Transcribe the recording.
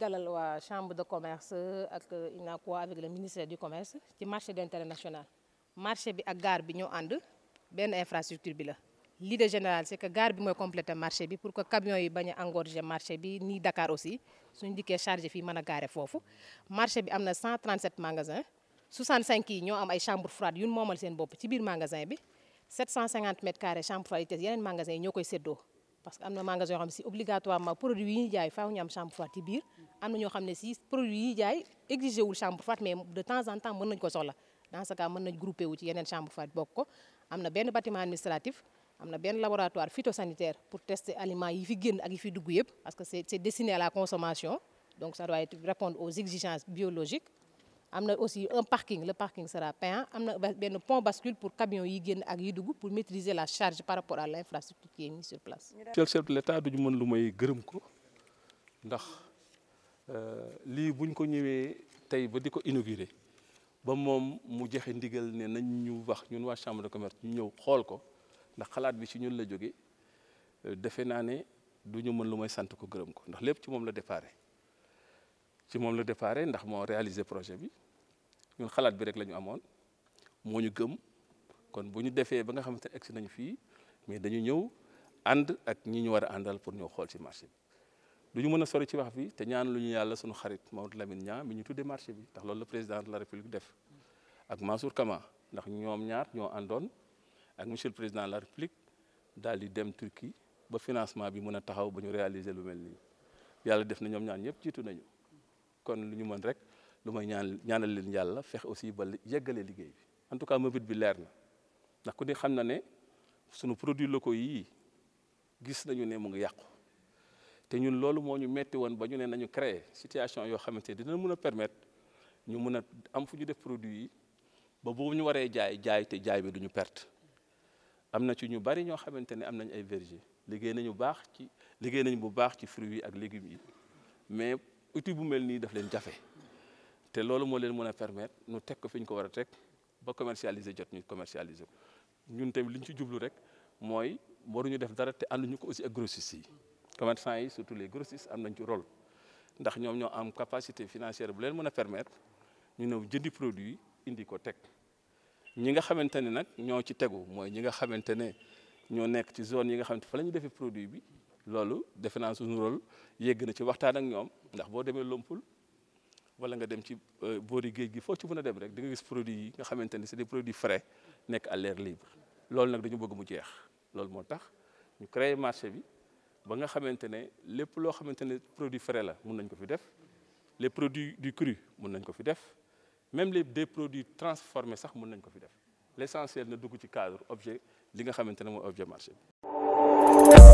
dalal la chambre de commerce ak avec le ministère du commerce ci marché international. national marché bi ak gare bi ñu ànd infrastructures. infrastructure bi la l'idée générale c'est que gare bi moy compléter marché bi pour que camions yi pas engorger marché bi ni Dakar aussi suñu diké chargé fi mëna a fofu marché bi amna 137 magasins 65 yi ñoo am ay chambre froide yu momal seen bop ci biir magasin bi 750 mètres carrés chambre froide yeneen magasin ñokoy ñoo parce que am na magasin xam obligatoirement produit yi y a faaw ñu am chambre forte ci biir y a ñoo produits ne si produit yi exigé wul chambre forte, mais de temps en temps mën nañ ko soxla dans ce cas mën nañ grouper wu ci chambre forte. Il y a un bâtiment administratif un laboratoire phytosanitaire pour tester aliments qui fi génn ak yi parce que c'est destiné à la consommation donc ça doit répondre aux exigences biologiques amna aussi un parking le parking sera payant amna ben pont bascule pour camions yi génn ak yi dugg pour maîtriser la charge par rapport à l'infrastructure qui est mise sur place. chef de l' état duñu mën lu may gërëm ko ndax euh li buñ ko ñëwé tay ba diko inaugurer ba mom mu joxe ndigal né nañ ñu wax ñun wa chambre de commerce ñu ñëw xol ko ndax xalaat bi ci ñun la joggé euh, defe naa ne du ñu mën lu may sant ko gërëm ko ndax lepp ci mom la déparé ci mom la déparé ndax mo réaliser projet bi ñun xalaat bi rek lañu ñu amoon moo ñu gëm kon bu ñu defee ba nga xamante ne egsi nañu fi mais dañu ñëw and ak ñi ñu wara andal pour ñu xol ci marché bi. du ñu sori ci wax fi té ñaan luñu yalla suñu xarit Maodo Lamine Niang mi ñu tuddé marché bi tax loolu le président de la république def ak Mansour Kama ndax ñoom ñaar ñoo àndoon ak monsieur le président de la république dal di dem Turquie ba financement bi mëna taxaw ba ñu réaliser lu mel nii yàlla def na ñoom ñaar ñëpp jiitu nañu. kon lu ñu mën rek lu may ñaan ñaanal leen yàlla fex aussi ba yeggale liggéey bi en tout cas mébét bi leer na ndax ku ne xam na ne sunu produit locaux yii gis nañu ne mu ngi yàqu te ñun loolu moo ñu metti woon ba ñu ne nañu créer situation yoo xamante ne dina mun a permettre ñu mun a am fu ñu def produit yi ba boobu ñu waree jaay jaay te jaay bi duñu perte am na ci ñu bari ñoo xamante ne am nañ ay verger liggéey nañu baax ci liggéey nañu bu baax ci fruits yi ak légumes yi outil bu mel nii daf leen jafe te loolu moo leen mën a permettre nu teg ko fi ñu ko war a teg ba commercialiser jot ñu commercialiser ko ñun tamit li ci jublu rek mooy waruñu def dara te ñu ko aussi ak grossistes yi commerçants yi surtout les grossis am nañ ci rôle ndax ñoom ñoo am capacité financière bu leen mën a permettre ñu ñëw jëndi produit indi ko teg ñi nga xamante ne nag ñoo ci tegu mooy ñi nga xamante ne ñoo nekk ci zone yi nga xamante fa la ñu defee produit bi loolu defe naa suñu rôle yegg na ci waxtaan ak ñom ndax bo demee Lompul wala nga dem ci euh, boori geej gi fo ci mën a dem rek di nga gis produit yi nga xamante c'est des produits frais nek à l'air libre loolu nak dañu bëgg mu jeex loolu motax ñu créer marché bi ba nga xamantene lepp lo xamantene produit frais la mën nañ ko fi def les produits du cru mën nañ ko fi def même les des produits transformés sax mën nañ ko fi def l'essentiel na dugg ci cadre objet li nga xamantene mo objet marché bi